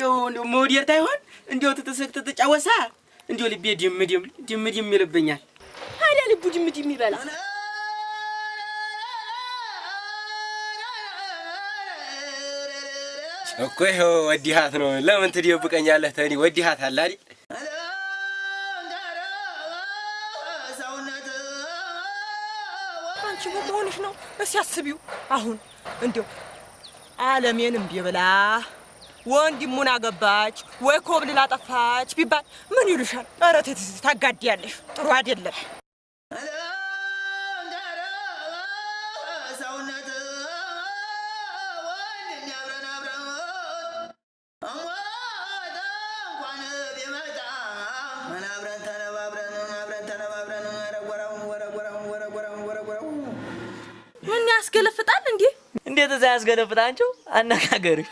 ያው እንዲያው መውደድ አይሆን እንዲያው ትትስቅ ትትጫወሳ እንዲያው ልቤ ድም ድም ድም ድም ይልብኛል። ታዲያ ልቡ ድም ድም ይበላ እኮ ይኸው ወዲሃት ነው። ለምን ትደብቀኛለህ? ተኒ ወዲሃት አለ አይደል? አንቺ ምን ሆነሽ ነው? እስኪ አስቢው አሁን እንዲያው ዓለሜንም ቢብላ ወንድሙን አገባች ወይ ኮብልላ ጠፋች ቢባል ምን ይሉሻል? ኧረ ተይ ታጋድያለሽ፣ ጥሩ አይደለም። ያስገለፍጣል እንዴ? እንዴት እዛ ያስገለፍጣንቸው አነጋገርሽ